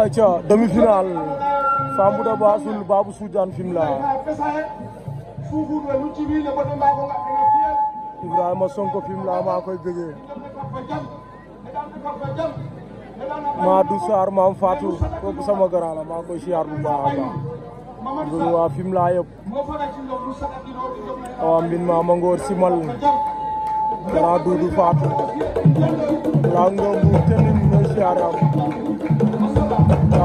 ayca demi-finale Famouda Bassoul Babou Soudiane Fimela Ibrahima Sonko Fimela maa koy bëggee Maadou Sarr maam Fatou kooku sama grand la maa koy siyaar bu baax a baax di nuyu waa Fimela yëpp awa mbin maa ma ngoor simal grand Doudou Fatou laa ngoobu tenin mooy siyaar am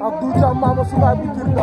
Abdou Thiam Mama Soulaye bu Jirga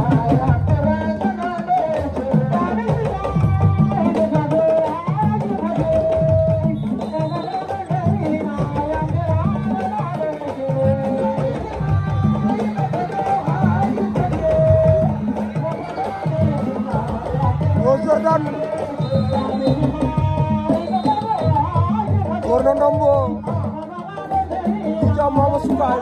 ndombo ja mama sukai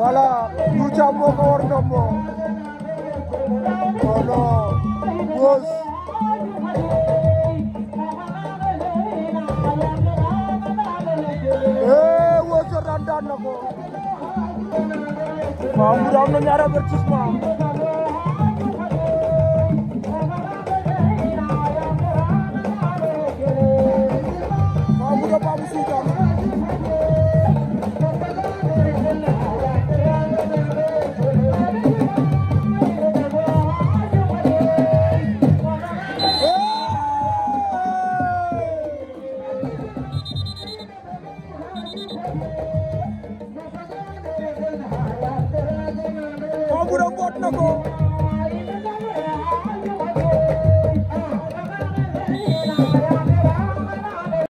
wala du ja mo ko war ndombo kono bos eh wo jordan dan nako Mamu ram na nyara bercisma. Kombu doon boot na ko